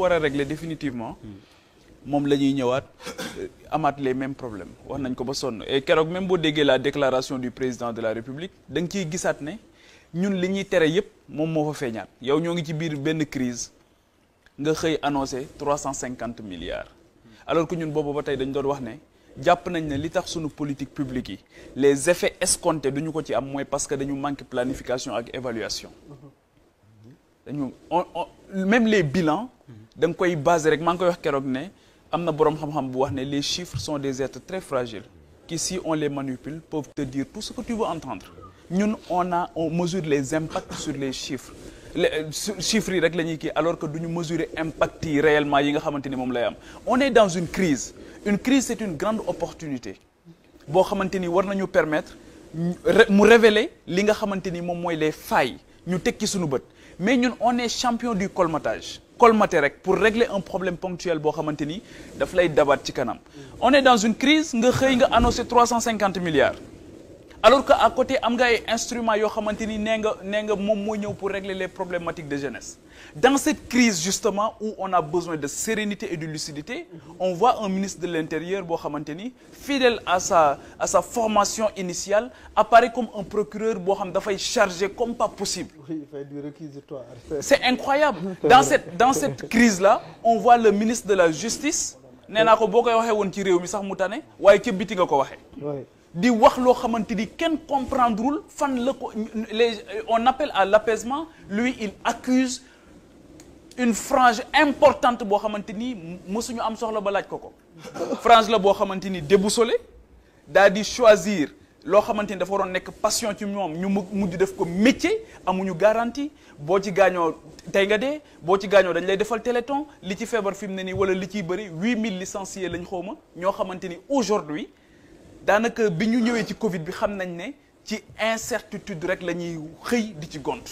war a régler définitivement moom la ñuy ñëwaat euh, amaat les mêmes problème wax nañ ko ba sonn e keroog même boo déggee la déclaration du président de la république danga nga ciy gisaat ne ñun li ñuy tere yëpp moom moo fa feeñaat yow ñoo ngi ci biir benn crise nga xëy annoncé trois cent cinquante milliards alors que ñun boobu ba tey dañu doon wax ne jàpp nañ ne li tax suñu politique publique yi les effets escomptés duñu ko ci am mooy parce que dañu manque planification ak évaluation mhm. dañu on da nga koy basé rek maa ngi koy wax keroog ne am na boroom xam-xam bu wax ne les chiffres son des êtres très fragiles qui si on les manipule peuvent te dire tout ce que tu veux entendre ñun on a on mesure les impacts sur les chiffres euh, chiffres rek la ñuy kii alors que du ñu mesurer impact yi réellement yi nga xamante ni moom lay am on est dans une crise une crise c'est une grande opportunité boo xamante ni war nañu permettre mu révéler li nga xamante ni moom mooy les failles ñu tekki suñu bët mais ñun on est champion du colmatage colmater rek pour régler un problème ponctuel boo xamante ni daf lay dabaat ci kanam on est dans une crise nga xëy nga annoncé milliards alors que à côté am nga ay instruments yoo xamante ni nee nga nee nga moom moo ñëw pour régler les problématiques de jeunesse dans cette crise justement où on a besoin de sérénité et de lucidité on voit un ministre de l'intérieur boo xamante ni fidèle à sa sa formation initiale apparaît comme un procureur boo xam dafay chargé comme pas possible oui, il fait du réquisitoire c'est incroyable dans cette crise là on voit le ministre de la justice nee naa ko boo koy waxee woon ci réew mi sax mu tane waaye ca biti nga ko waxee di wax loo xamante ni kenn comprendrewul fan la ko les on appelle à l'apaisement lui il accuse une frange importante boo xamante ni mësuñu am soxla ba laaj ko ko frange la boo xamante ni déboussolé daal di choisir loo xamante ni dafa waroon nekk passion ci ñoom ñu mujj def ko métier amuñu garanti boo ci gaañoo tey nga dee boo ci gaañoo dañ lay defal téléthon li ci feebar fi mu ne nii wala li ciy bëri 8000 licenciés lañ xaw ma ñoo xamante ni aujourd'hui daanaka bi ñu ñëwee ci Covid bi xam nañ ne ci incertitude rek la ñuy xëy di ci gont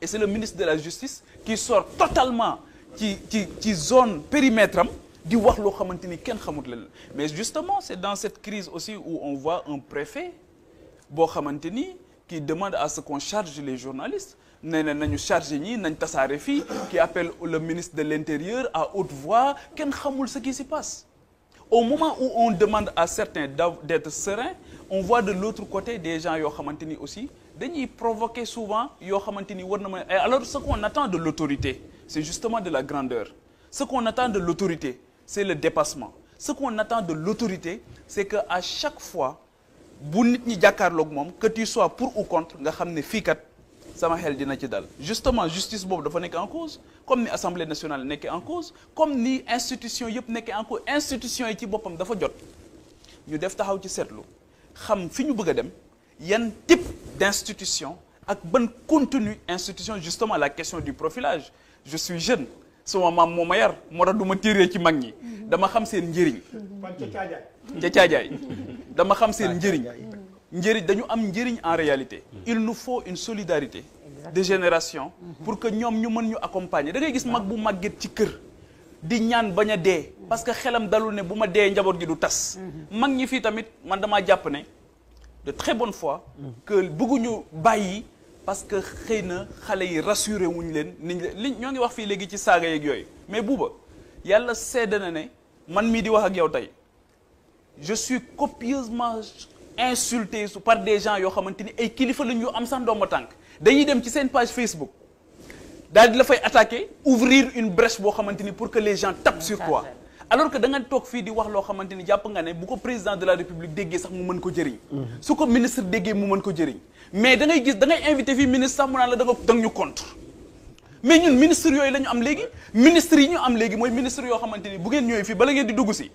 et c'est le ministre de la justice qui sort totalement ci ci ci zone périmètre am di wax loo xamante ni kenn xamut leen mais justement c'est dans cette crise aussi où on voit un préfet boo xamante ni qui demande à ce qu'on charge les journalistes nee na nañu chargé ñi nañ tasaare fii qui appelle le ministre de l'intérieur à haute voix kenn xamul ce qui s'y passe au moment où on demande à certains d'être sereins on voit de l'autre côté des gens yoo xamante ni aussi dañuy provoquer souvent yoo xamante ni war na mën alors ce qu'on attend de l'autorité c'est justement de la grandeur ce qu'on attend de l'autorité c'est le dépassement ce qu'on attend de l'autorité c'est que à chaque fois bu nit ñi jàkkaarloog moom que tu sois pour ou contre nga xam ne fii kat sama xel dina ci dal justement justice boobu dafa nekk en cause comme ni assemblée nationale nekkee en cause comme ni institution yëpp nekkee en cause institution yi boppam dafa jot ñu def taxaw ci seetlu xam fi ñu bëgg a dem yan type d'institution ak ban continue institution justement la question du profilage je suis jeune sama maam moo ma yar moo tax du ma ci mag ñi dama xam seen njëriñ ca caajaay dama xam seen njëriñ njëriñ dañu am njëriñ en réalité il nous faut une solidarité de génération pour que ñoom ñu mën ñu accompagner da ngay gis mag bu màgget ci kër di ñaan bañ a dee parce que xelam dalul ne bu ma dee njaboot gi du tas mag ñi fii tamit man damaa jàpp ne de très bonne foi que bëgguñu bàyyi parce que xëy na xale yi rassuré wuñ leen niñ li ñoo ngi wax fii léegi ci saaga yeeg yooyu mais buuba yàlla sedd na ne man mii di wax ak yow tey je suis copieusement insulté su par des gens yoo xamante ni ay kilifa lañ yoo am sax ndomba tànk dañuy dem ci seen page Facebook daal di la fay attaquer ouvrir une brèche boo xamante ni pour que les gens tapent sur toi alors que da toog fii di wax loo xamante ni jàpp nga ne bu ko président de la république déggee sax mu mën ko jëriñ mhm. su ko ministre déggee mu mën ko jëriñ mais da gis da ngay invité fii ministre sax mu naan la da nga ñu contre mais ñun ministre yooyu la am léegi ministre yi ñu am léegi mooy ministre yoo xamante ni bu ngeen ñëwee fii bala ngeen di dugg si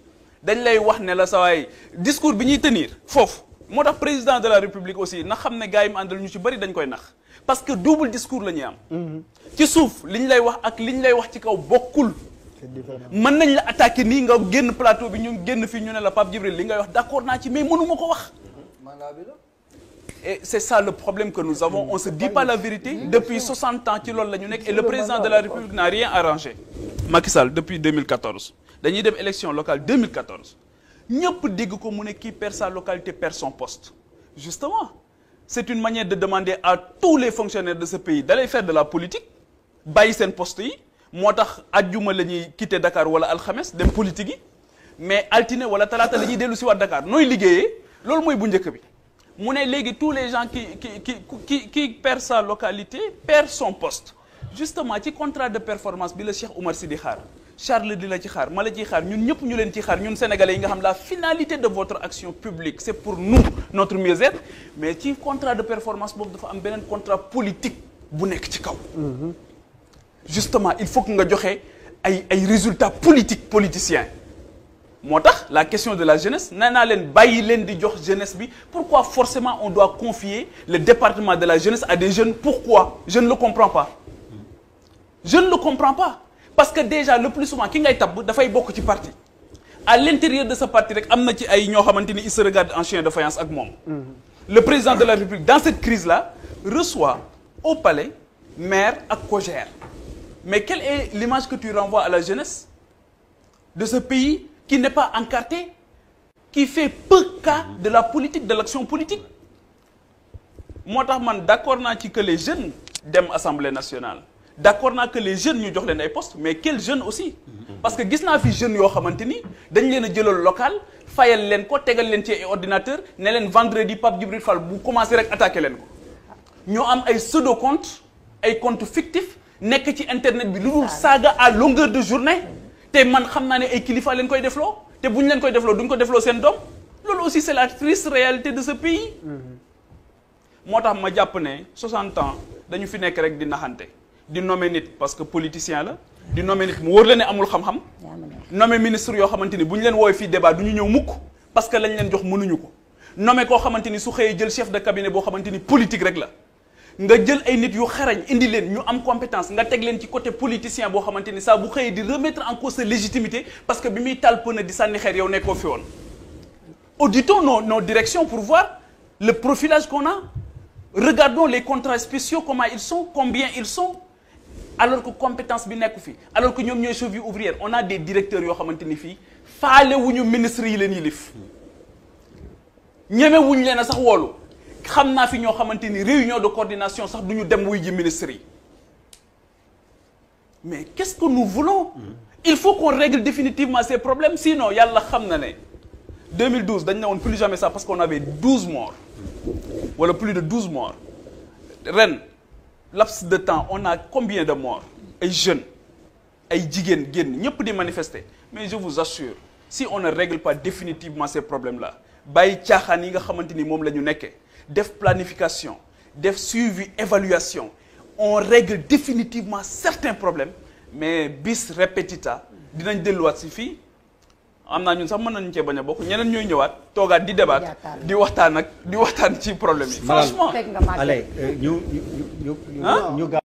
dañ lay ne la sa waay discours bi ñuy tenir foofu moo tax président de la république aussi na xam ne gars yi mu àndal ci bëri dañ koy nax parce que double discours la ñuy am. Mhm. ci suuf li ñu lay wax ak li ñu lay wax ci kaw bokkul. mën nañ la attaqué nii nga génn plateau bi ñu génn fii ñu ne la Pape Djibril li ngay wax d' accord naa ci mais mënuma ko wax. et c' est ça le problème que nous avons on se dit la vérité depuis 60 ans ci loolu la ñu nekk et le président de la république n'a rien arrangé. Macky Sall depuis 2014 dañuy ñëpp dégg ko mu ne kii perd sa localité perd son poste justement c'est une manière de demander à tous les fonctionnaires de ce pays d'aller faire de la politique bàyyi seen poste yi moo tax ajjuma la ñuy quitter Dakar wala alxames dem politique yi mais altine wala talaata la ñuy dellu si waat Dakar nooy liggéeyee loolu mooy bu njëkk bi mu ne léegi tous les gens qui qui qui qui qui perd sa localité perd son poste justement ci contrat de performance bi la Cheikh u Sy di xaar Charles di la ci xaar ma la ciy xaar ñun ñëpp ñu leen ci xaar ñun sénégalais yi nga xam la finalité de votre action publique c'est pour nous notre mieux-être mais ci contrat de performance boobu dafa am beneen contrat politique bu nekk ci kaw. Mhm. justement il faut que nga joxe ay ay résultats politiques politiciens. moo tax la question de la jeunesse nee naa leen bàyyi leen di jox jeunesse bi pourquoi forcément on doit confier le département de la jeunesse à des jeunes pourquoi je ne le comprends pas je ne le parce que déjà le plus souvent ki ngay tab dafay bokk ci parti à l'intérieur de sa parti rek am na ci ay ñoo xamante ni il se regarde en chien de faïence ak moom mm-hmm. le président de la République dans cette crise la reçoit au palais maire ak cogère mais quelle est l'image que tu renvoies à la jeunesse de ce pays qui n'est pas encarté qui fait peu cas de la politique de l'action politique moo tax man d'accord naa ci que les jeunes dem assemblée nationale d' accord naa que les jeunes ñu jox leen ay postes mais quels jeunes aussi. parce que gis naa fi jeunes yoo xamante ni dañ leen a jëlal local fayal leen ko tegal leen ci ay ordinateur ne leen vendredi Pape Djibril fal bu commencé rek attaqué leen ko ñoo am ay pseudo compte ay compte fictif nekk ci internet bi lu dul saaga à longueur de journée te man xam naa ne ay kilifa leen koy defloo te bu ñu leen koy defloo duñ ko defloo seen doom loolu aussi c' est la de ce pays. Mm-hmm. moo tax ma jàpp ne 60 ans dañu fi nekk rek di naxante. di nommer nit parce que politicien la di nommer nit mu wóor la ne amul xam-xam nommer ministre yoo xamante ni bu ñu leen wooy fii débat du ñu ñëw mukk parce que lañ leen jox mënuñu ko nommer koo xamante ni su xëyee jël chef de cabinet boo xamante ni politique rek la nga jël ay nit yu xarañ indi leen ñu am compétence nga teg leen ci côté politicien boo xamante ni saa bu xëyee di remettre en cause sa légitimité parce que bi muy taal pëna di sànni xeer yow nekkoo fi woon auditons nos nos directions pour voir le profilage qu'on a regardons les contrats spéciaux comment ils sont combien ils sont alors que compétence bi nekku fi alors que ñoom ñooy cheville ouvrière on a des directeurs yoo xamante ni fii faale wuñu ministre yi leen yilif ñeme wuñu leen a sax woolu xam naa fi ñoo xamante ni réunion de coordination sax du ñu dem wuy ji ministre yi mais qu'est-ce que nous voulons mm-hmm. il faut qu'on règle définitivement ces problèmes sinon yàlla xam na ne 2012 dañ ne woon plus jamais ça parce qu'on avait 12 morts mm-hmm. wala voilà, plus de douze morts ren laps de temps on a combien de morts ay jeunes ay jigéen génn ñëpp di manifester mais je vous assure si on ne règle pas définitivement ces problèmes là bàyyi caaxaan yi nga xamante ni moom la ñu nekkee def planification def suivi évaluation on règle définitivement certains problèmes mais bis repetita dinañ delluwaat si fii am naa ñun sax mën nañu cee bañ a bokk ñeneen ñooy ñëwaat toogaat di débat di waxtaan ak di waxtaan ci problème yi franchement allez euh, ñu ñu ñu ñu